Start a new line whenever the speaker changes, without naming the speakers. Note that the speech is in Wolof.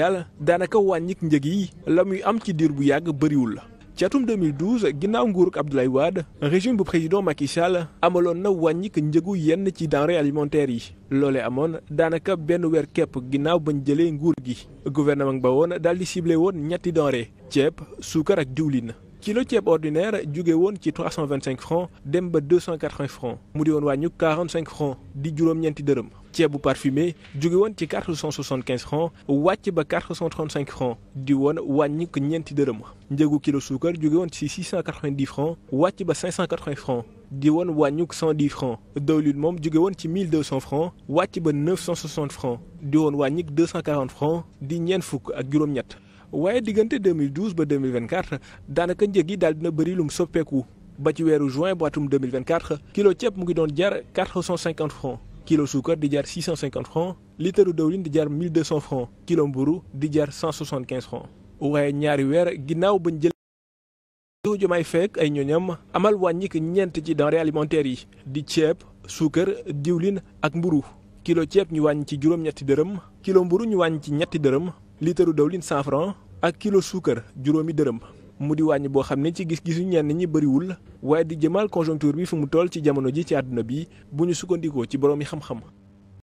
yàlla daanaka wàññik njëg yi la muy am ci diir bu yàgg bëriwul la ci atum 2012 ginnaaw nguurug Abdoulaye Wade régime bu président Macky Sall amaloon na wàññik njëgu yenn ci denrées alimentaires yi loole amoon daanaka benn weer képp ginnaaw bañ jëlee nguur gi gouvernement ba woon daal di ciblé woon ñetti denrées ceeb suukar ak diwlin kilo ceeb ordinaire jóge woon ci 325 francs dem ba 280 francs mu di woon wàññu 45 francs di juróom-ñeenti dërëm ceebu parfumé jóge woon ci 475 francs wàcc ba 435 francs di woon wàññi ko dërëm njëgu kilo suukar jóge woon ci 690 francs wàcc ba 580 francs di woon wàññuk 110 francs dawlin moom jóge woon ci 1200 francs wàcc ba 960 francs di woon wàññik 240 francs di ñeent ak juróom-ñett waaye diggante 2012 ba 2024 daanaka njëg yi daal dina bëri lum soppeeku ba ci weeru juin bu atum 2024 kilo ceeb mu ngi doon jar 450 francs kilo suukar di jar 650 francs litre dëwlin di jar 1200 francs kilo mburu di jar 175 francs waaye ñaari weer ginnaaw bañ jël jo jomaay fekk ay ñooñam amal wàññik ñeent ci denrées alimentaires yi di ceeb suukar diwlin ak mburu kilo ceeb ñu wàññ ci juróom-ñetti dërëm kilo mburu ñu wàññ ci ñetti dërëm litre dëwlin 100 francs ak kilo suukar juróomi dërëm mu di wàññi boo xam ne ci gis-gisu ñenn ñi bëriwul waaye di jëmal conjoncture bi fi mu toll ci jamono ji ci àdduna bi bu ñu sukkandikoo ci boroomi xam-xam.